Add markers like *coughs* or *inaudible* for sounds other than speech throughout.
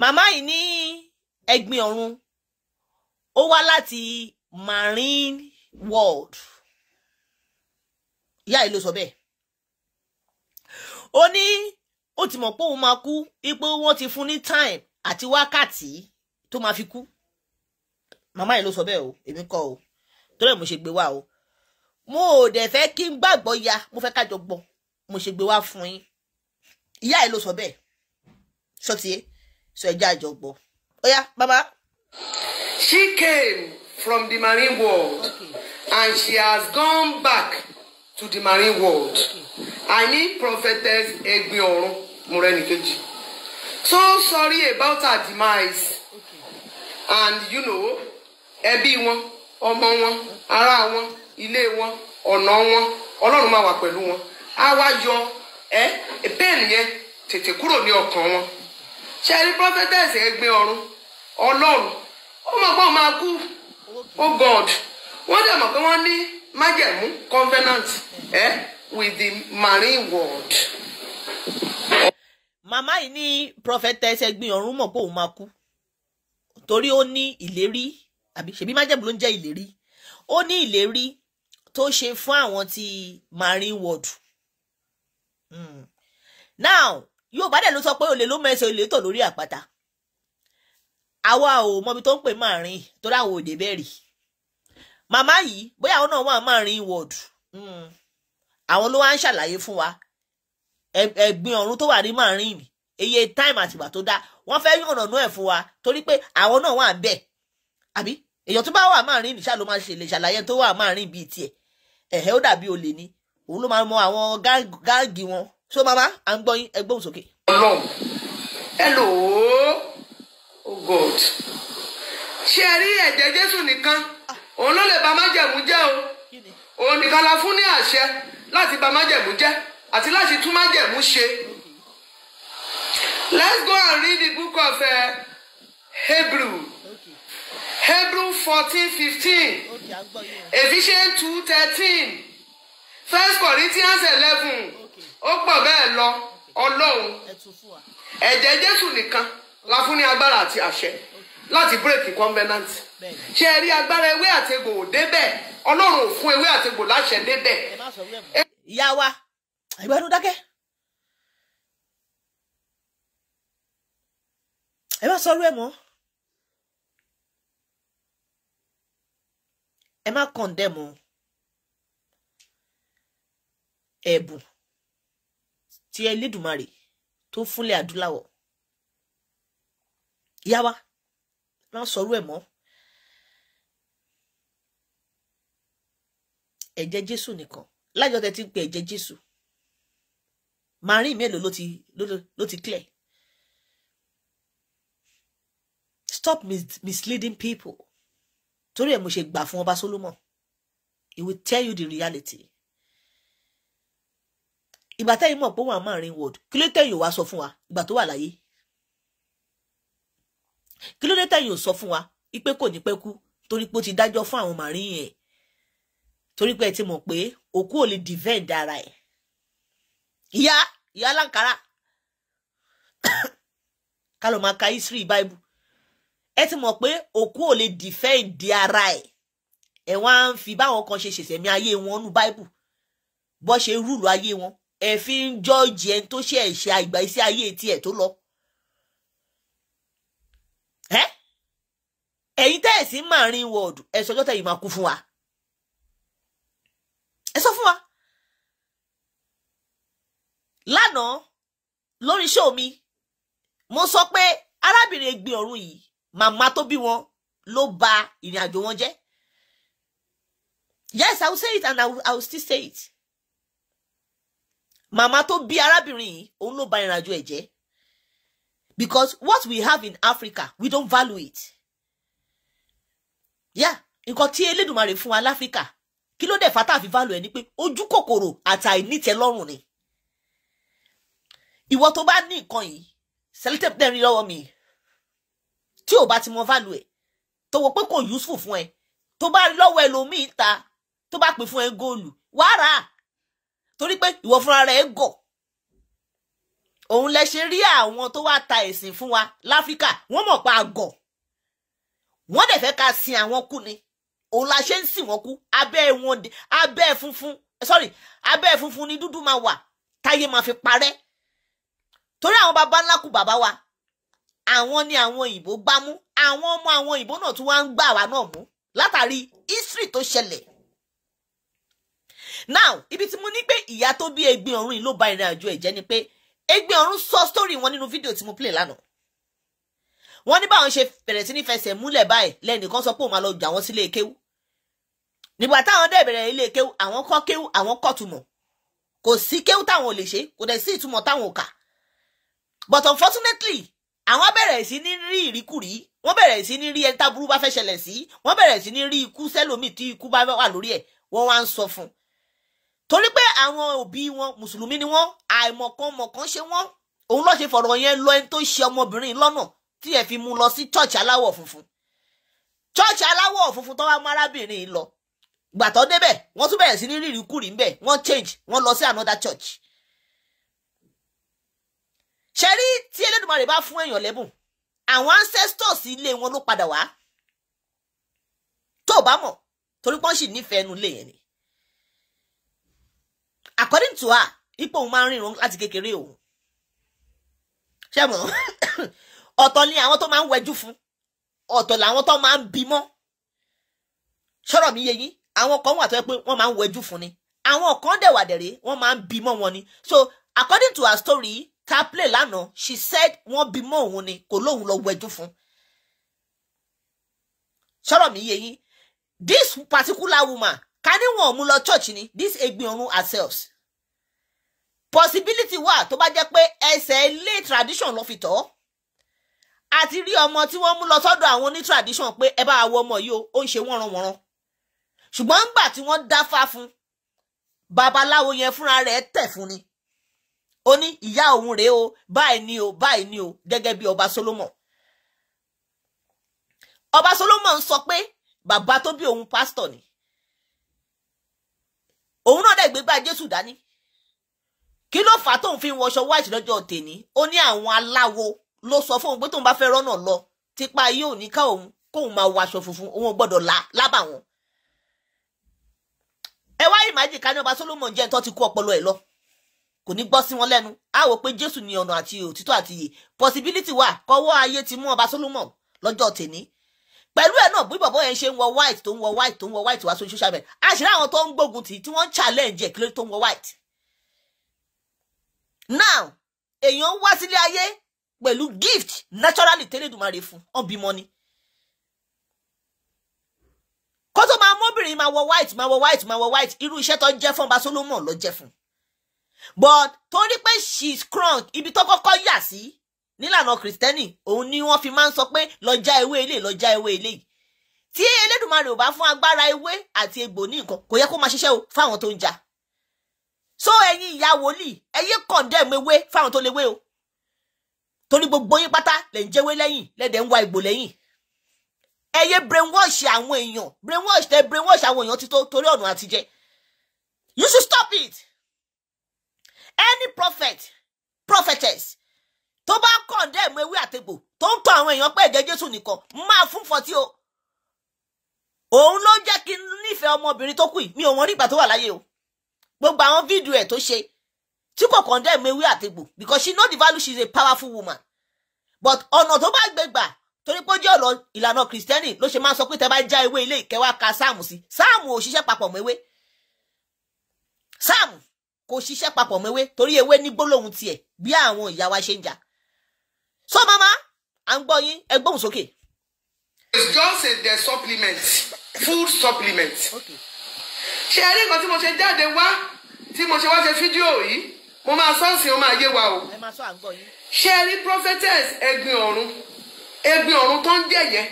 màmá yìí ní ẹ̀gbin ọ̀run ó wá láti marine world ìyá yìí ló sọ bẹ́ẹ̀ ó ní ó ti mọ̀ pé òun máa kú ipò wọ́n ti fún ní time àti wákàtí tó máa fi kú màmá yìí ló sọ bẹ́ẹ̀ o èmi kọ́ o torí ẹ̀ mo ṣe gbé wá o mo ò dẹ̀ fẹ́ kí n gbàgbọ́ ya mo fẹ́ kájọ gbọ́ mo ṣe gbé wá fún yín ìyá yìí ló sọ bẹ́ẹ̀ ṣọ́tìyẹ́ so ẹjẹ àjọgbọ oya bàbá. she came from the marine world okay. and she has gone back to the marine world okay. i need prophetess Egbinorun Morenikeji so sorry about her demise okay. and you know ẹbí wọn ọmọ wọn ará wọn ilé wọn ọ̀nà wọn ọlọ́run máa wà pẹ̀lú wọn á wá yọ ẹ bẹ́ẹ̀ nìyẹn tètè kúrò ní ọkàn wọn ṣe prophetess ẹgbẹ́ ọ̀run ọlọ́run ó mọ̀ pé ó máa kú ó oh god wọ́n dẹ̀ mọ̀ pé wọ́n ní májẹ̀mú covenant ẹ̀ with the marine world. màmá yìí ní prophetess ẹgbẹ́ ọ̀run mọ̀ pé òun máa kú torí ó ní ìlérí àbí ṣèbí májẹ̀mú ló ń jẹ́ ìlérí ó ní ìlérí tó ṣe fún àwọn ti marine world. Mm. now Yorùbá dẹ̀ ló sọ pé olè ló mẹ́sẹ̀ olè tò lórí àpáta àwa ò mọbi tó ń pè máa rìn torí àwọn òde bẹ́ẹ̀ rì màmá yìí bóyá àwọn náà wà máa rìn wọ̀dù àwọn ló wá ń ṣàlàyé fún wa ẹ̀gbin ọ̀run tó wà ní máa rìn mi eye time àtìgbà tó dá wọ́n fẹ́ yún ọ̀nà ẹ̀ fún wa torí pé àwọn náà wà ń bẹ̀ àbí èèyàn tó bá wà máa rìn nìṣà ló máa ṣe lè ṣàlàyé tó wà máa rìn bíi tiẹ̀ ẹ̀hẹ́ ó dàbí olè ni òun ló máa mọ àwọn gáàgì wọn so bàbá à ń gbọ́ yín ẹ gbóhùn sókè. ọlọ́run hello oh god ṣé ẹ rí ẹ̀jẹ̀ jésù nìkan ah. òun ló lè bà májẹ̀mú jẹ́ o òun nìkan la fún ní àṣẹ láti bà májẹ̀mú jẹ́ àti láti tún májẹ̀mú ṣe. let's go and read the book of uh, hebrew okay. hebrew fourteen fifteen ephesians two thirteen first corinthians eleven. Okay ó pọ̀ bẹ́ẹ̀ lọ ọlọ́run ẹ̀jẹ̀ jésù nìkan la fún ní agbára àti àṣẹ láti bírèkì covenant ṣe rí agbára ewé àtegbò débẹ̀ ọlọ́run ò fún ewé àtegbò láṣẹ débẹ̀. ìyá wa ìgbẹ́nu dákẹ́. ẹ má sọrú ẹ mọ́ ẹ má kàn dẹ mọ́ ẹ̀bùn ti Elédùmarè tó fúnlẹ̀ adúláwọ̀ yá wa má sọ̀rọ̀ ẹ̀ mọ́ ẹ̀jẹ̀ Jésù nìkan lájọ tẹ ti ń pe ẹ̀jẹ̀ Jésù marin mélòó ló ti ló ti clear stop misleading people torí ẹ̀ mo ṣe gbà fún ọba Solomon he will tell you the reality ìgbà tẹ́yìn mọ̀ pé wọ́n á máa rin wọ́ọ̀dù kí ló tẹ̀yìn ò wá sọ fún wa ìgbà tó wà láyé kí ló tẹ̀yìn sọ fún wa ipe kò ní pẹ́ kú torí pé ó ti dájọ́ fún àwọn màrín yẹn torí pé ẹ ti mọ̀ pé òkú ò lè defend ara ẹ̀ ìyá ìyá aláǹkárá *coughs* ká ló máa ka history bible ẹ ti mọ̀ pé òkú ò lè defend ara ẹ̀ ẹ̀ wọ́n á fi báwọn kan ṣe ṣẹ̀ṣẹ̀ mi ayé wọn nú bible bó ṣe rúùlù ayé wọn ẹ fi ń jọ́ọ̀jì ẹni tó ṣe ẹ̀ṣẹ̀ àgbà iṣẹ́ ayé tiẹ̀ tó lọ. ẹ ẹ̀yin tẹ́ ẹ̀ sí màárín wọ́ọ̀dù ẹ sọjọ́ tẹ̀yìn máa kú fún wa. ẹ sọ fún wa. lánàá lórí show mi mo sọ pé arábìnrin Ẹ̀gbin Ọ̀run yìí màmá tó bí wọn ló ba ìrìn àjò wọn jẹ́. yes i will say it and i will, I will still say it màmá tó bí arábìnrin yìí òun ló ba ìrìnàjò ẹ̀ jẹ́ because what we have in Africa we don't value it yeah nǹkan tí Elédùmarè fún wa láfíríkà kí ló dé fata àfi value ẹ̀ ni pé ojú kòkòrò àtàìnítẹ́lọ́rùn ni ìwọ tó bá ní nǹkan yìí sellotape dẹ̀ ń mi tí ò bá ti mọ value ẹ̀ tó wọ pé kò useful fún ẹ tó bá lọ́wọ́ ẹlòmíín ta tó bá pè fún ẹ góòlù wàá rà á torí pé ìwọ fúnra rẹ̀ gọ̀ òun lẹ ṣe rí àwọn tó wá ta ẹ̀sìn fún wa láfíríkà wọ́n mọ̀ pa àgọ̀ wọ́n dẹ̀ fẹ́ ká sin àwọn kú ni òun la ṣe ń sìn wọ́n kú abẹ́ wọn abẹ́ funfun sorry abẹ́ funfun ni dúdú máa wà táyé máa fi parẹ́ torí àwọn baba ńlá kù bàbá wa àwọn ni àwọn ìbò gbámú àwọn ọmọ àwọn ìbò náà tún wá ń gbà wá náà mú látàrí history tó ṣẹlẹ̀ now ibi tí mo ní pé ìyá tó bí Ẹ̀gbin Ọ̀run yìí ló ba ìrìn àjò ẹ̀ jẹ́ ni pé Ẹ̀gbin Ọ̀run sọ story wọn nínú fídíò tí mo play lánàá wọ́n ní báwọn ṣe bẹ̀rẹ̀ sí ní fẹsẹ̀ múlẹ̀ báyìí lẹ́nìkan sọ pé òun máa lọ jà wọ́n sílé kéwú nígbà táwọn dẹ̀ bẹ̀rẹ̀ ilé kéwú àwọn kọ́ kéwú àwọn kọ́ túmọ̀ kò sí kéwú táwọn ò lè ṣe kò dẹ̀ sí ìtumọ̀ táwọn ò kà but unfortunately àwọn bẹ̀rẹ̀ sí ní rí ìríkùrí wọ́n bẹ̀rẹ̀ sí ní rí ẹni táburú bá fẹ́ ṣẹlẹ̀ sí wọ́n bẹ̀rẹ̀ sí ní rí ikú sẹ́lòmíì tí ikú bá wà lórí ẹ̀ wọ́n wá ń sọ fún un torí pé àwọn òbí wọn mùsùlùmí ni wọn àìmọ̀kan mọ̀kan ṣe wọn òun ló ṣe fọ̀rọ̀ yẹn lọ ẹni tó ṣe ọmọbìnrin lọ́nà tí ẹ fi mú lọ sí chọ́ọ̀chì aláwọ̀ funfun chọ́ọ̀chì aláwọ̀ funfun tó wá mú arábìnrin lọ gbàtọ́ débẹ̀ wọ́n tún bẹ̀rẹ̀ sí ní rírì kúrì ńbẹ̀ wọ́n change wọ́n lọ sí another church. ṣẹ́rí tí Elédùmarè bá fún èèyàn lẹ́bùn àwọn ancestors ilé wọn ló padà wá tó o bá mọ̀ torí pọ́ńṣì nífẹ̀ẹ́ nu lè yẹn ni according to her ipò òun máa ń rìnrún láti kékeré òun ṣé mọ̀ *coughs* ọ̀tọ̀ ni àwọn tó máa ń wẹjú fún ọ̀tọ̀ làwọn tó máa ń bímọ ṣọ́rọ̀ mi yé yín àwọn kan wà tó yẹ pé wọ́n máa ń wẹjú fún ni àwọn kan dẹ̀ wà dẹ̀rẹ̀ wọ́n máa ń bímọ wọn ni so according to her story ta play lánàá she said wọ́n bímọ òun ni kò lóun lọ wẹjú fún ṣọ́rọ̀ mi yé this particular woman ká ní wọn lọ church ni this egbin ọ̀run ourselves possibility wà tó bá jẹ́ pé ẹsẹ̀ ilé tradition ló fi tọ́ àti rí ọmọ tí wọ́n mú lọ sọ́dọ̀ àwọn oní tradition pé ẹ bá wọ ọmọ yìí o ó ń ṣe wọ́nranwọ́nran ṣùgbọ́n ńgbà tí wọ́n dáfá fún babaláwo yẹn fúnra rẹ̀ tẹ̀ fún ni ó ní ìyá òun rèé o báyìí ni o báyìí ni o gẹ́gẹ́ bí ọba Solomon ọba Solomon sọ pé bàbá tó bí òun pásítọ̀ ni òun náà dẹ̀ gbégbá jésù dání kí ló fà á tóun fi ń wọṣọ white lọ́jọ́ tèní ó ní àwọn aláwo ló sọ fóun pé tóun bá fẹ́ rọ́nà lọ tipa yóò ní ká òun kóun máa wọ aṣọ funfun òun gbọ́dọ̀ la lábà wọn. ẹ wá ìmájì ká ní ọba solomon jẹ́ tó ti kú ọpọlọ ẹ̀ lọ kò ní gbọ́ sí wọn lẹ́nu á wò pé jésù ní ọ̀nà àti òtítọ́ àti yè possibility wà kọ́wọ́ ayé ti mú ọba solomon lọ́jọ́ tèní pẹ̀lú ẹ̀ náà bí bọ̀bọ̀ yẹn ṣe ń wọ white tó ń wọ white tó ń wọ white wá sórí social media àṣírí àwọn tó ń gbógun tì tí wọ́n ń challenge ẹ̀ kí ló tó ń wọ white. now èèyàn wá sílé ayé pẹ̀lú gift naturally tẹ́lẹ̀dùmarè fún ọ̀bìmọ ni. kó tó máa mọ́bìnrin máa wọ white máa wọ white máa wọ white irú iṣẹ́ tó ń jẹ́ fún ọba Solomon ló jẹ́ fún. but torí pé she is crunk ibi tó kọ́kọ́ yà sí nílànà kìrìsìtẹ́nì òun ni wọ́n fi máa ń sọ pé lọ ewé ilé lọ ewé ilé yìí tí elédùnmarè ò bá fún agbára ewé àti egbò ní nǹkan kò yẹ kó máa ṣiṣẹ́ o fáwọn tó ń jà so ẹ̀yin ìyá wòlíì ẹ yé kọ̀ndẹ́ẹ̀mù ewé fáwọn tó léwé o torí gbogbo yín pátá lè ń jẹ́wé lẹ́yìn lẹ́dẹ̀ ń wa egbò lẹ́yìn ẹ yé brainwash àwọn èèyàn brainwash tẹ brainwash àwọn èèyàn ti tó torí ọ̀nà àtijẹ you should stop it any prophet prophetess tẹ́ ewé àtegbò tó ń tọ àwọn èèyàn pé ẹ̀jẹ̀ Jésù nìkan máa fún fọtí o òun ló jẹ́ kí n ọmọbìnrin tó kù yìí mi ò wọ́n rí ìgbà tó wà láyé o gbogbo àwọn fídíò ẹ̀ tó ṣe tí kò kàn dẹ́ẹ̀mú ewé àtegbò because she know the value she is a powerful woman but ọ̀nà tó bá gbé gbà torí pé ó jẹ́ ọ̀rọ̀ ìlànà kìrìsìtẹ́nì ló ṣe máa ń sọ pé tẹ bá já ewé ilé ìkẹwàá ka sáàmù sí sáàmù ò ṣiṣẹ́ papọ̀ mọ́ ewé sáàmù kò ṣiṣẹ́ papọ̀ mọ́ ewé torí ewé ní gbólóhùn tiẹ̀ bí àwọn ìyá wa ṣe ń jà so mama à ń gbọ́ yín ẹ gbóhùn sókè. it's just in the supplement food supplement. ṣé ẹ rí nǹkan tí mo ṣe jáde wá tí mo ṣe wá ṣe fídíò yìí mo máa sọ́ọ̀sì ó máa yé wa o. ẹ máa sọ à ń gbọ́ yín. ṣé ẹ rí prophetess ẹ̀gbin ọ̀run ẹ̀gbin ọ̀run tó ń jẹ̀yẹ́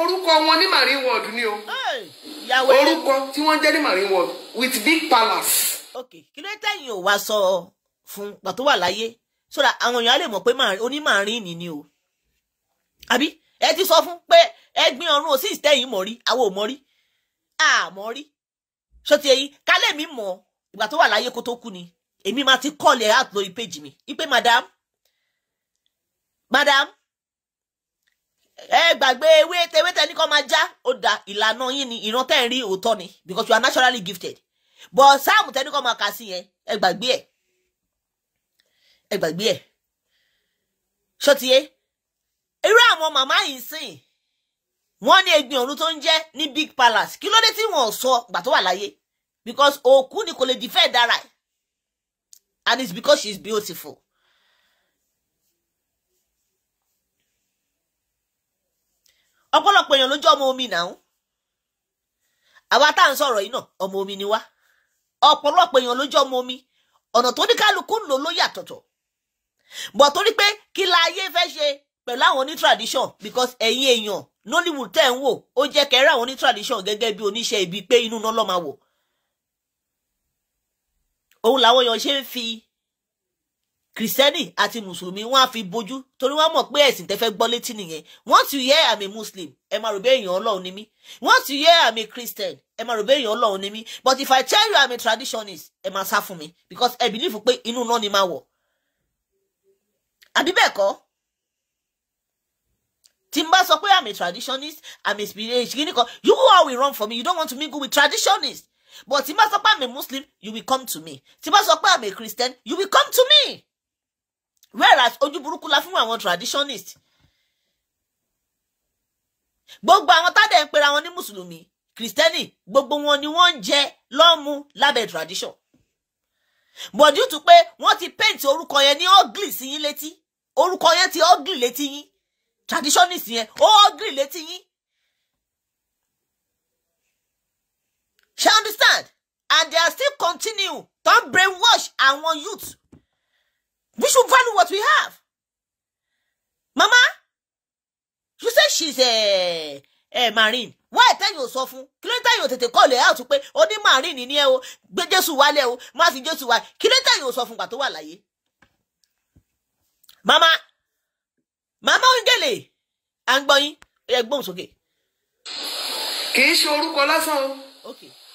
orúkọ wọn ní marine world ni o orúkọ tí wọ́n jẹ́ ní marine world with big palace. ok kí ló tẹ̀yìn ò wá sọ fún pàtó wà láyé so that àwọn èèyàn á lè mọ̀ pé onímàárín ni ni o àbí ẹ ti sọ fún pé ẹgbin ọ̀run ò sí ìtẹ́yìn mọ̀ rí àwọn ò mọ̀ rí àmọ́ rí ṣó ti ẹyin kálẹ̀ mi mọ̀ ìgbà tó wà láyé kó tó kú ni èmi máa ti kọ́ọ̀lì ẹ̀ àtúntò ìpèjì mi ìpè madam madam ẹ gbàgbé ewé tewé tẹni kọ́ máa já ó da ìlànà yín ni ìran tẹ́ ń rí òótọ́ ni because you are naturally gifted but sáàmù tẹni kọ́ máa kà sí yẹn ẹ gbàgbé ẹ̀ ẹ gbàgbé ẹ̀ ṣọtiyé irú àwọn màmá yìí sìn wọ́n ní egbin ọ̀run tó ń jẹ́ ní big palace kí ló dé tí wọ́n sọ gbà tó wà láyé because òkú ni kò lè dìfẹ́ dára ẹ̀ and it's because she is beautiful. ọ̀pọ̀lọpọ̀ èèyàn ló jẹ́ ọmọ omi náà àwa tá à ń sọ̀rọ̀ yìí náà ọmọ omi ni wá ọ̀pọ̀lọpọ̀ èèyàn ló jẹ́ ọmọ omi ọ̀nà tó ní kálukú ń lò ló yàtọ̀tọ̀ but torí pé kí la ayé fẹ́ ṣe pẹ̀lú àwọn oní tradition because ẹ̀yin èèyàn Nollywood tẹ̀ ń wò ó jẹ́ kẹrẹ́ àwọn oní tradition gẹ́gẹ́ bí oníṣẹ́ ibi pé inú náà lọ́ọ́ máa wò òun làwọn èèyàn ṣe ń fi kìrìsìtẹ́nì àti mùsùlùmí wọ́n á fi bójú torí wọ́n mọ̀ pé ẹ̀sìn tẹ́fẹ́ gbọ́ létí nìyẹn once you hear I'm a muslim ẹ máa rò bẹ́ẹ̀ èèyàn ọlọ́run ni mí once you hear I'm a christian ẹ máa rò bẹ́ẹ̀ èèyàn ọlọ́run ni mí but if I tell you I'm a traditionist ẹ máa sá fún mi because I believe pé inú náà ni máa wọ̀ àbí bẹ́ẹ̀ kọ́ tí n bá sọ pé i'm a traditionist i'm a spiritualist kìíní kan you all will run for me you don't want to mingle with traditionist but tí n bá sọ pé i'm a muslim you will come to me tí n bá sọ pé i'm a christian you will come to me whereas ojú burúkú la fún àwọn traditionist gbogbo àwọn tádẹ̀ ń pera wọn ní mùsùlùmí kìrìsìtẹ́nì gbogbo wọn ni wọ́n ń jẹ lọ́mú lábẹ́ tradition bọ̀dí tún pé wọ́n ti paint orúkọ yẹn ní ọ́gìlì sí yín létí orúkọ yẹn ti ọ́gìrì létí yín traditionist yẹn ó ọ́gìrì létí yín. ṣe understand and they are still continue to brainwash our youth we should value what we have. mama you say she is a, a marine wá ẹ̀tẹ́yìn ò sọ fún kí ló ń tẹ̀yìn ò tètè kọ́ ọ̀lẹ́ àtúpẹ́ ó ní marine ní ẹ o gbé jésù wálẹ̀ o má fi jésù wá kí ló ń tẹ̀yìn ò sọ fún gbà tó wà láyé mama mama Oyindele à ń gbọ́ yín ẹ gbóhùn sókè. kì í ṣe orúkọ lásán o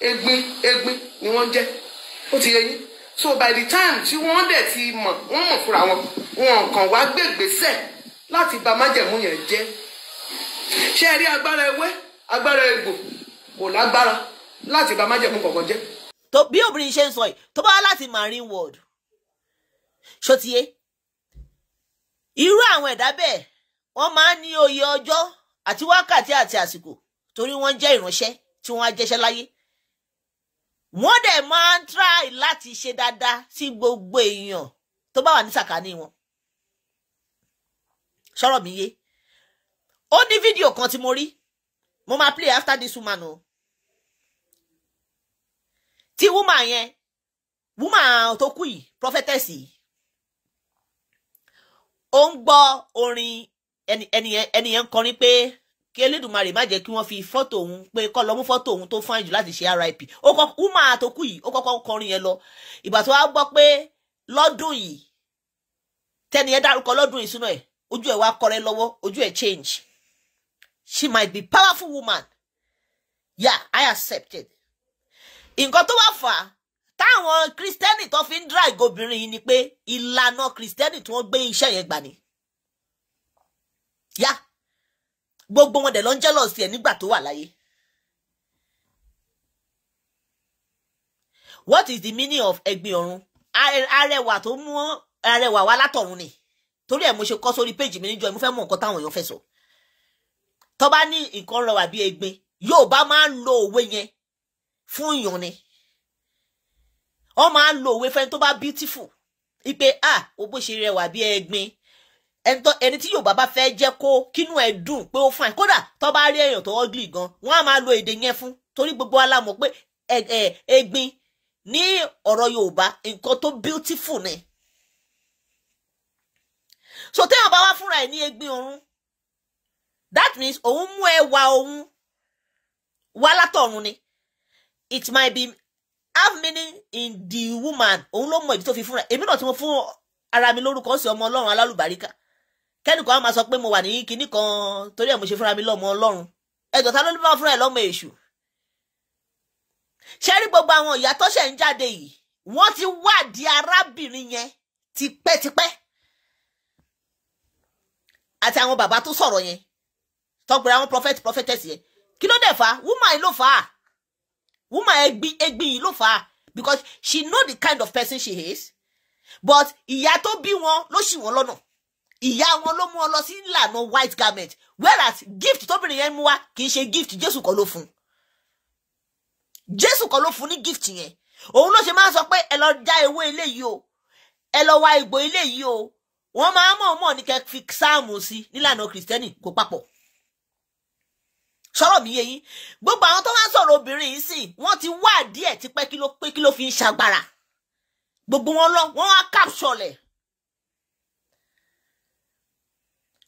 egbin egbin ni wọ́n ń jẹ́ ó ti yẹ yín so by the time tí wọ́n dẹ̀ ti mọ̀ wọ́n mọ̀ fúnra wọn wọn kàn wá gbègbèsẹ̀ láti bà májẹ̀mú yẹn jẹ́ ṣé ẹ rí agbára ewé agbára egbò kò lágbára láti bà májẹ̀mú kọ̀ọ̀kan jẹ́. tó bí obìnrin ṣe ń sọ yìí tó bá wá láti marine world ṣó ti yé irú àwọn ẹ̀dá bẹ́ẹ̀ wọ́n máa ń ní oyè ọjọ́ àti wákàtí àti àsìkò torí wọ́n jẹ́ ìránṣẹ́ tí wọ́n á jẹ́ṣẹ́ láyé wọ́n dẹ̀ máa ń try láti ṣe dáadáa sí gbogbo èèyàn tó bá wà ní sàkání wọn sọ̀rọ̀ mi yé ó ní fídíò kan tí mo rí mo máa play after this woman o tí woman yẹn woman tó kú yìí prophetess yìí ó ń gbọ́ orin ẹni yẹn ń kọrin pé kí Elédùmarè má jẹ́ kí wọ́n fi fọ́tò òun pé kọ́ lọ mú fọ́tò òun tó fáìn jù láti ṣe RIP ó kọ́ wúmà àtòkù yìí ó kọ́kọ́ kọrin yẹn lọ ìgbà tó wá gbọ́ pé lọ́dún yìí tẹ́ni yẹn dárúkọ lọ́dún yìí sínú ẹ̀ ojú ẹ̀ wá kọrẹ́ lọ́wọ́ ojú ẹ̀ change she might be powerful woman yeah I accepted nǹkan tó wá fà á táwọn kristẹni tó fi ń drag obìnrin yìí ni pé ìlànà kristẹni tí wọ́n gbé iṣẹ́ yẹn gbà ni yá gbogbo wọn dẹ̀ ló ń jealous ẹ̀ nígbà tó wà láyé. what is the meaning of ẹ̀gbin ọ̀run arẹwà tó mú arẹwà wá látọ̀run ni torí ẹ̀ mo ṣe kọ́ sórí péjì mi níjọ́ ẹ̀ mo fẹ́ mọ̀ nǹkan táwọn èèyàn fẹ́ sọ tó bá ní nǹkan rẹwà bí ẹ̀gbin yóò bá máa ń lo òwe yẹn fún ìyàn ni ọ máa ń lo òwe fẹ́ni tó bá beautiful ipe ah o bó ṣe rẹwà bí ẹ̀gbin ẹni tí yorùbá bá fẹ́ jẹ́ kó kínú ẹ̀ dùn pé ó fine kódà tó bá rí èèyàn tó ugly gan wọ́n á máa lo èdè yẹn fún torí gbogbo alámọ̀ pé ẹ̀gbin ní ọ̀rọ̀ yorùbá nǹkan tó beautiful ni so téèyàn bá wá fúnra ẹ̀ ní ẹ̀gbin ọ̀run that means òun mú ẹwà òun wá látọ̀run ni it might be have meaning in the woman òun ló mọ ibi tó fi fúnra èmi náà tí mo fún ara mi lórúkọ sí ọmọ ọlọ́run alálùbáríkà kẹ́nìkan á máa sọ pé mo wà ní kinní kan torí ẹ̀ mo ṣe fúnra mi lọ́mọ ọlọ́run ẹ̀jọ̀ ta ló ní bá fúnra ẹ̀ lọ́mọ èṣù ṣé rí gbogbo àwọn ìyá tó ṣẹ̀ ń jáde yìí wọ́n ti wádìí arábìnrin yẹn tipẹ́tipẹ́ àti àwọn bàbá tó sọ̀rọ̀ yẹn tọ́gbẹ̀rẹ̀ àwọn prophet prophetess yẹn kí ló dẹ̀ fà á woman ló fà á woman egbin egbin yìí ló fà á because she know the kind of person she is but ìyá tó bí wọn ló ṣì wọ́n lọ́nà ìyá wọn ló mú ọ lọ sí ìlànà white garment whereas gift tóbìnrin yẹn mú wá kì í ṣe gift jésù kọ́ ló fún jésù kọ́ ló fún ní gift yẹn òun ló ṣe máa sọ pé ẹ lọ já ewé ilé yìí o ẹ lọ wá egbò ilé yìí o wọ́n máa mọ̀ọ́mọ̀ ní kẹ́ fi sáàmù sí nílànà kìrìsìtẹ́nì kó papọ̀ sọ̀rọ̀ mi yé yín gbogbo àwọn tó wá ń sọ̀rọ̀ obìnrin yìí sì wọ́n ti wá díẹ̀ ti pẹ́ kí ló pé kí ló fi ń ṣagbára gbogbo wọn lọ wọ́n wá capsule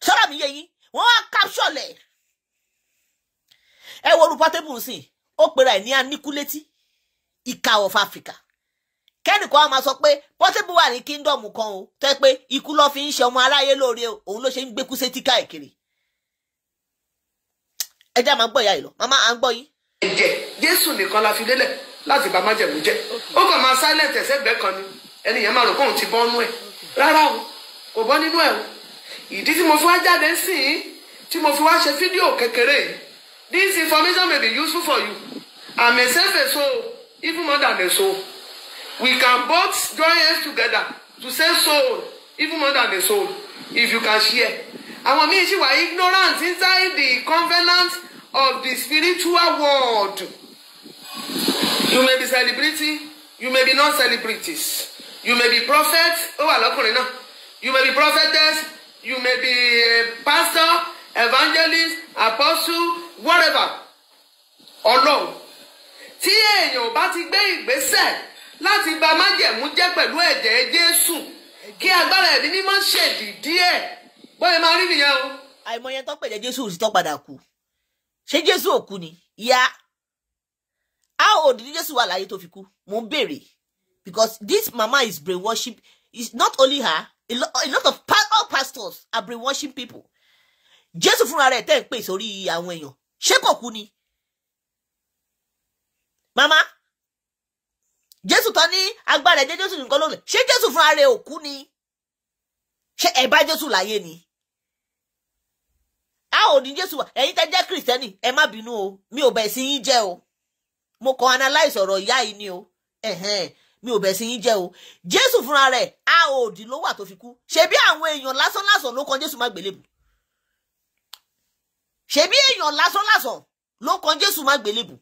sọ̀rọ̀ mi yé yín wọ́n wá capsule ẹ wo orúkọ sí ó pera ẹ̀ ní aníkúlétí ìka of Africa kẹ́nìkan á máa sọ pé Portable wà ní kíndọ̀mù kan o tẹ́ pé ikú ló fi ń ṣe ọmọ aráyé lóore òun ló ṣe ń gbékú sétíkà ìkiri ẹ já máa gbọ́ ìyá yìí màmá à ń gbọ́ yín. ẹ̀jẹ̀ jésù nìkan la fi lélẹ̀ láti bá májẹ̀mú jẹ́ ó kàn máa silent ẹ̀sẹ̀gbẹ́ kan ni ẹni yẹn máa rò kóun ti bọ́ ẹ̀ rárá o kò bọ́ nínú ẹ̀ o ìdí tí mo fi wá jáde sí i tí mo fi wá ṣe fídíò kékeré this information may be useful for you i'm a safe èso even more than a èso we can both join hands together to save soul even more than a soul if you can share àwọn míì sì wà ignorant inside the covenant of the spiritual world you may be celebrity you may be non-celebrities you may be prophet ó wà lọ́kùnrin náà you may be prophetess you may be eh, pastor evangelist apostle whatever ọlọ́run tí èèyàn bá ti gbé ìgbésẹ̀ láti gba májẹ̀mú jẹ́ pẹ̀lú ẹ̀jẹ̀ Jésù kí agbára ẹ̀mí mímọ́ ṣèdí díẹ̀ bóyá máa rí nìyẹn o. àìmọye tó pèjẹ jésù sí tó padà kú ṣé jésù ò kú ni yá a ò dídí jésù wà láyé tó fi kú mò ń béèrè because this mama is brainwashing is not only her a lot, a lot of pa all pastors are brainwashing people jésù fúnra rẹ̀ tẹ́ ń pè sórí àwọn èèyàn ṣé kò kú ni mama jésù tán ní agbára ẹ̀jẹ̀ jésù nìkan lónìí ṣé jésù fúnra rẹ̀ ò kú ni ṣé ẹ bá jésù láyé ni ò ní jésù wà ẹ̀yin tẹ́ jẹ́ kìrìsìtẹ́nì ẹ má bínú o mi ò bẹ̀ sí yín jẹ́ o mo kàn analyze ọ̀rọ̀ ìyá yìí ni o mi ò bẹ̀ sí yín jẹ́ o jésù fúnra rẹ̀ a ò dì ló wà tó fi kú ṣebí àwọn èèyàn lásán lásán ló kan jésù má gbélébù ṣebí èèyàn lásán ló kan jésù má gbélébù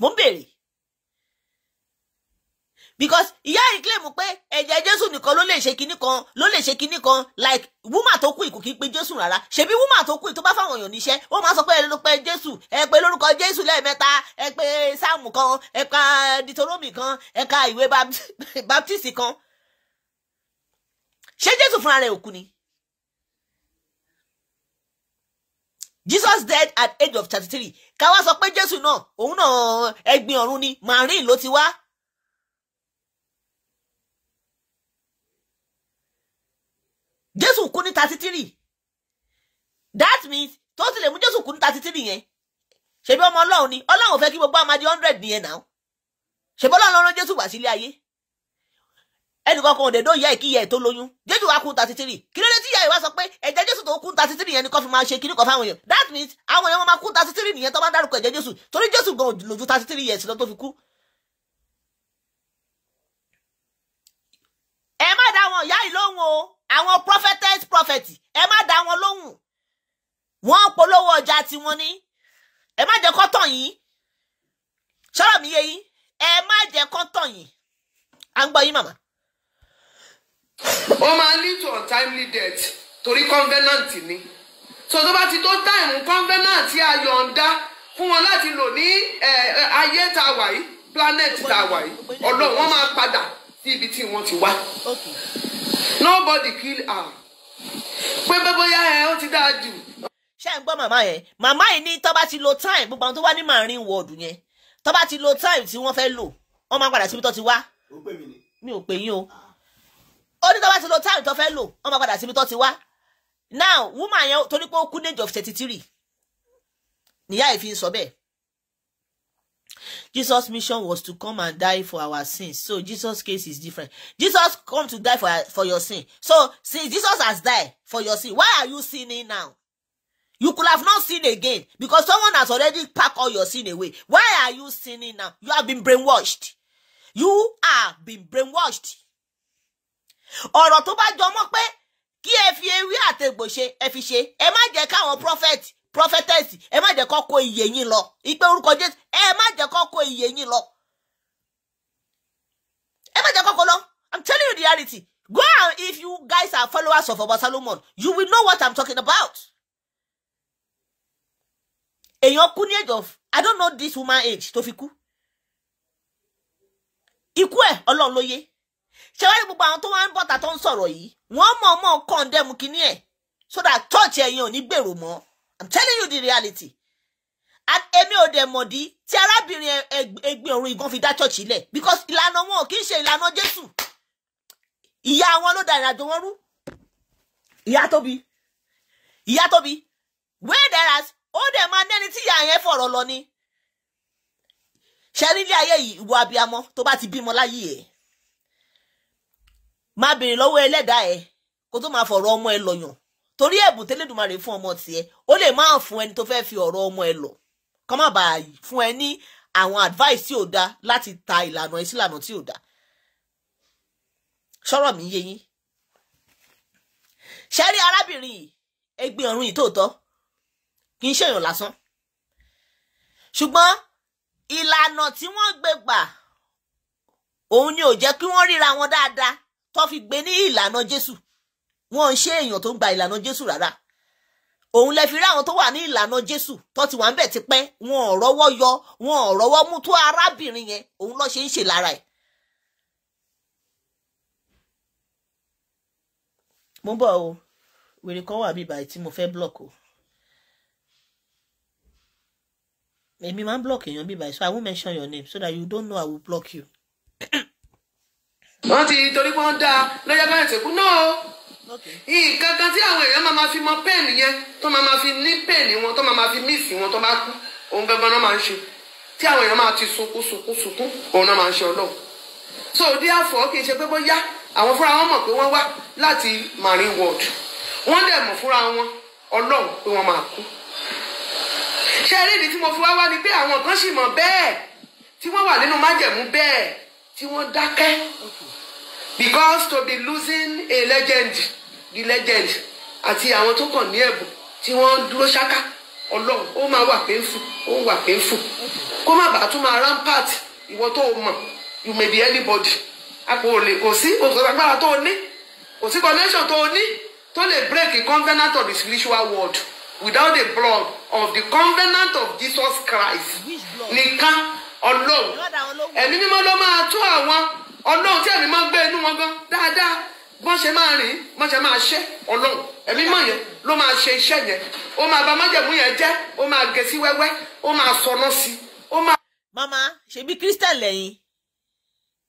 mo ń béèrè because ìyá yìí claim pé ẹ̀jẹ̀ jésù nìkan ló lè ṣe kinní kan ló lè ṣe kinní kan like woman tó kú ìkù kí pé jésù rárá ṣebí woman tó kú ìtó bá fáwọn èèyàn níṣẹ́ wọ́n máa sọ pé ẹni ló pé jésù ẹ pé lórúkọ jésù lẹ́ẹ̀mẹ́ta ẹ pé sáàmù kan ẹ ka ditoromi kan ẹ ka ìwé *laughs* baptist kan ṣé jésù fúnra rẹ̀ òkú ni Jesus died at age of thirty three ká wá sọ pé Jésù náà òun náà ẹ̀gbin ọ̀run ni Màrín ló ti wá jésù kú ní thirty three that means tó ti lè mú jésù kú ní thirty three yẹn ṣebí ọmọ ọlọ́run ni ọlọ́run fẹ́ kí gbogbo àmà hundred nìyẹn náà ṣebí ọlọ́run lọ́rọ́ jésù wá sílé ayé ẹnìkan òdèdó ìyá ìkíyà ẹ̀ tó lóyún jésù wá kú thirty three kí ló dé tí ìyá ìwá sọ pé ẹ̀jẹ̀ jésù tó kú thirty three yẹn ni kò fi máa ṣe kíní kan fáwọn èèyàn that means àwọn èèyàn máa kú thirty three nìyẹn tó bá dárúkọ ẹ̀jẹ̀ jésù torí jésù gan lójú thirty three years lọ tó fi kú àwọn ìyá yìí lóhùn o àwọn prophetess prophet ẹ má dá wọn lóhùn wọ́n polówó ọjà tiwọn ni ẹ má jẹ́ kó tàn yín ṣọ́rọ̀ mi yé yín ẹ má jẹ́ kó tàn yín à ń gbọ́ yín màmá. ó máa lead to untimely death torí covenant ni so tó bá ti tó táìmù covenant tí a yọ̀ǹda fún wọn láti lò ní eh, eh, ayé tá a wà yìí planet tá a wà yìí ọ̀dọ̀ wọn máa padà sí ibi tí wọ́n ti wá. nobody kill am pé bóyá ẹ ó ti dáa jù. ṣé ẹ ń gbọ́ màmá yẹn màmá yìí ní tó ti lo time gbogbo àwọn tó wá ní màárín wọ́ọ̀dù yẹn tó ti lo time tí wọ́n fẹ́ lò wọ́n máa padà síbi tó ti wá mi ò pè yín o ó ní tó ti lo time tó fẹ́ lò wọ́n máa padà síbi tó ti wá now woman yẹn torí pé ó kú ní age of thirty three nìyá yìí fi ń sọ bẹ́ẹ̀ Jesus' mission was to come and die for our sins. So Jesus' case is different. Jesus come to die for, for your sin. So since Jesus has died for your sin, why are you sinning now? You could have not sinned again because someone has already packed all your sin away. Why are you sinning now? You have been brainwashed. You are been brainwashed. ọ̀rọ̀ tó bá jọmọ́ pé kí ẹ fi ewé àtẹ̀gbò ṣe ẹ fi ṣe ẹ má jẹ́ káwọn prophet prophetess ẹ má jẹ́ kó kó iye yín lọ ìpè orúkọ jésù ẹ má jẹ́ kó kó iye yín lọ ẹ má jẹ́ kó kó lọ i'm telling you the reality go and if you guys are followers of Ọba Solomon you will know what i'm talking about èèyàn kú ní age of i don't know this woman age tó fi kú ikú ẹ̀ Ọlọ́run ló yé ṣé wáyé gbogbo àwọn tó wá ń bọ̀tà tó ń sọ̀rọ̀ yìí wọ́n mọ̀ọ́mọ̀ condemn kínní ẹ̀ so that church ẹ̀yin ò ní gbèrò mọ́ i'm telling you the reality At ò dẹ̀ mọ̀dí tí arábìnrin ẹgbẹ́ ọ̀run ìgbọ́n fi dá church ilẹ̀ because ìlànà wọn kì í ṣe ìlànà jésù ìyá wọn ló da ìrìnàjò wọn rú ìyá tóbi ìyá tóbi wey there as ó dẹ̀ máa nẹ́ni tí ìyá yẹn fọ̀rọ̀ lọ ni ṣẹ́rí ilé ayé yìí ìwọ abiyamọ tó bá ti bímọ láyé ẹ̀ máa béèrè lọ́wọ́ ẹlẹ́dàá ẹ̀ kó tó máa fọ̀rọ̀ ọmọ ẹ lọ̀yàn torí ẹ̀bùn tẹ́lẹ̀dùmarè fún ọmọ tiẹ̀ ó lè máa fún ẹni tó fẹ́ fi ọ̀rọ̀ ọmọ ẹ lọ kọ́ má bàa fún ẹ ní àwọn advice tí ò da láti ta ìlànà ẹ sílànà tí ò da sọ̀rọ̀ mi yé yín ṣe rí arábìnrin yìí ẹgbẹ́ ọ̀run yìí tóòtọ́ kì í ṣèyàn lásán ṣùgbọ́n ìlànà tí wọ́n gbé gbà òun ni ò jẹ́ kí wọ́n ríra wọn dáadáa tó fi gbé ní ìlànà Jésù wọn ń ṣe èèyàn tó ń gba ìlànà jésù rárá òun lè fi rí àwọn tó wà ní ìlànà jésù tó ti wà ń bẹ̀ tipẹ́ wọn ò rọ́wọ́ yọ wọn ò rọ́wọ́ mú tó arábìnrin yẹn òun ló ṣe ń ṣe lára ẹ̀. mo bọ̀ o wèrè kan wà bíbá tí mo fẹ́ block o èmi máa ń block èèyàn bíbá so I won't mention your name so that you don't know I will block you. wọ́n ti torí pé wọ́n dáa lọ́jọ́ báyìí ṣèkú náà nǹkan kan tí àwọn èèyàn máa ma fi mọ pẹ́ẹ̀nì yẹn tó máa ma fi ní pẹ́ẹ̀nì wọn tó máa ma fi míìsì wọn tó bá kú òun gangan náà máa ń ṣe tí àwọn èèyàn máa ti sunkún sunkún sunkún òun náà máa ń ṣe ọlọ́run so díàfọ̀ kì í ṣe pé bóyá àwọn fúnra wọn mọ̀ pé wọ́n wá láti marine world wọ́n dẹ̀ mọ̀ fúnra wọn ọlọ́run pé wọ́n máa kú ṣe eré ìdí tí mo fi wá wá ni pé àwọn kan sì mọ̀ bẹ́ẹ̀ tí wọ́n wà nínú májẹ̀mú bẹ́ẹ̀ tí wọ́n dákẹ́ because to be losing a legend the legend àti àwọn tó kàn ní ẹ̀bùn tí wọ́n ń dúró ṣáká ọlọ́run ó máa wà painful ó ń wà painful kó má bàa tún máa rampart ìwọ tó o mọ̀ you may be anybody àpò òlè kò sí òṣèlú tó o ní kò sí connection tó o ní tó lè break the covenant of the spiritual world without the blood of the covenant of Jesus Christ nìkan ọlọ́run ẹ̀mí mímọ́ ló máa tó àwọn ọlọ́run tí ẹ̀mí máa ń gbé inú wọn gan dáadáa bọ́n ṣe máa rìn bọ́n ṣe máa ṣe ọlọ́run ẹ̀mí mọ̀ yẹn ló máa ṣe iṣẹ́ yẹn ó máa bà májẹ̀mú yẹn jẹ́ ó máa gé sí wẹ́wẹ́ ó máa sọnà sí i ó máa. mama ṣebí christian lẹ́yìn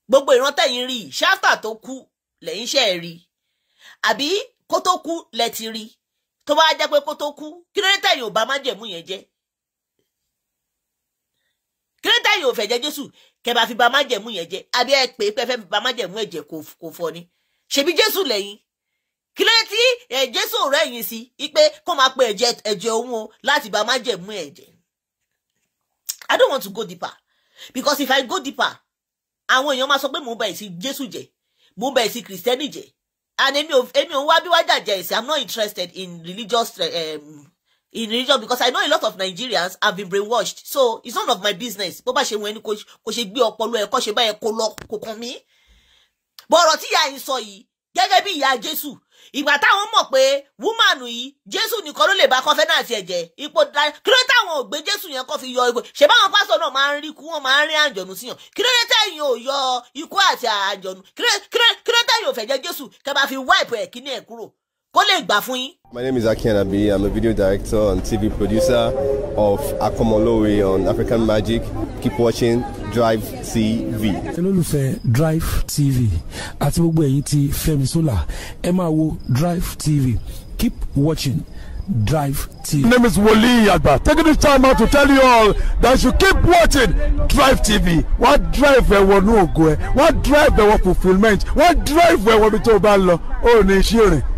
gbogbo ìran tẹ̀yìn rí ṣáfà tó kú lẹ́yìn ṣe rí àbí kó tó kú lẹ ti rí tó bá jẹ́ pé kó tó kú kí ló tẹ̀yìn ò bà májẹ̀mú yẹn jẹ́ ò fẹ̀jẹ̀ jésù kẹ́ bá fi ba májẹ̀mú yẹn jẹ́ àbí ẹ pé pé fẹ́ fi ba májẹ̀mú ẹ̀jẹ̀ kò fọ ni ṣebí jésù lẹ́yìn kí ló tí jésù rẹ̀ yìí sí i pé kó máa pe ẹ̀jẹ̀ ẹ̀jẹ̀ òun o láti ba májẹ̀mú ẹ̀jẹ̀ I don't want to go deeper because if I go deeper àwọn èèyàn máa sọ pé mò ń ba ẹ̀sìn jésù jẹ mò ń ba ẹ̀sìn kìrìsìtẹ́nì jẹ and èmi ò èmi ò wá bí wájà jẹ ẹ̀sìn I'm not interested in religious um, in religion because I know a lot of Nigerians have been brainwashed so it's none of my business bó bá ṣe wọn ẹni kò ṣe gbé ọpọlọ ẹ kó ṣe báyẹn kó lọ kò kàn mí bọ̀rọ̀ tí ìyá yìí sọ yìí gẹ́gẹ́ bí ìyá Jésù ìgbà táwọn mọ̀ pé wúmànù yìí Jésù nìkan ló lè bá kọfẹ́nàtì ẹ̀jẹ̀ ipò dáa kí ló táwọn ò gbé Jésù yẹn kọ́ fi yọ ipò ṣe báwọn pásítọ̀ náà máa ń rí ikú wọn máa ń rí àǹjọ̀nù síyàn kí ló tẹ̀yìn ò yọ ikú àti àǹjọ̀nù kí ló tẹ̀yìn ò fẹ̀jẹ̀ Jésù kẹ́ bá fi wáìpù ẹ̀ kíní ẹ̀ kúrò kó lè gbà fún yín. My name is Aki Anabi. I'm a video director and TV producer of Akomolowe on African Magic. Keep watching Drive TV. olólùfẹ́ Drive TV àti gbogbo ẹ̀yin ti Fẹ́mi Sola ẹ máa wo Drive TV. Keep watching. Drive TV. My name is Wole Agba. Taking this time out to tell you all that you keep watching Drive TV. Wọ́n drive ẹ̀wọ̀ ní ògo ẹ̀, wọ́n drive ẹ̀wọ̀ fulfilment, wọ́n drive ẹ̀wọ̀ bí tó o bá lọ, ó ní iṣẹ́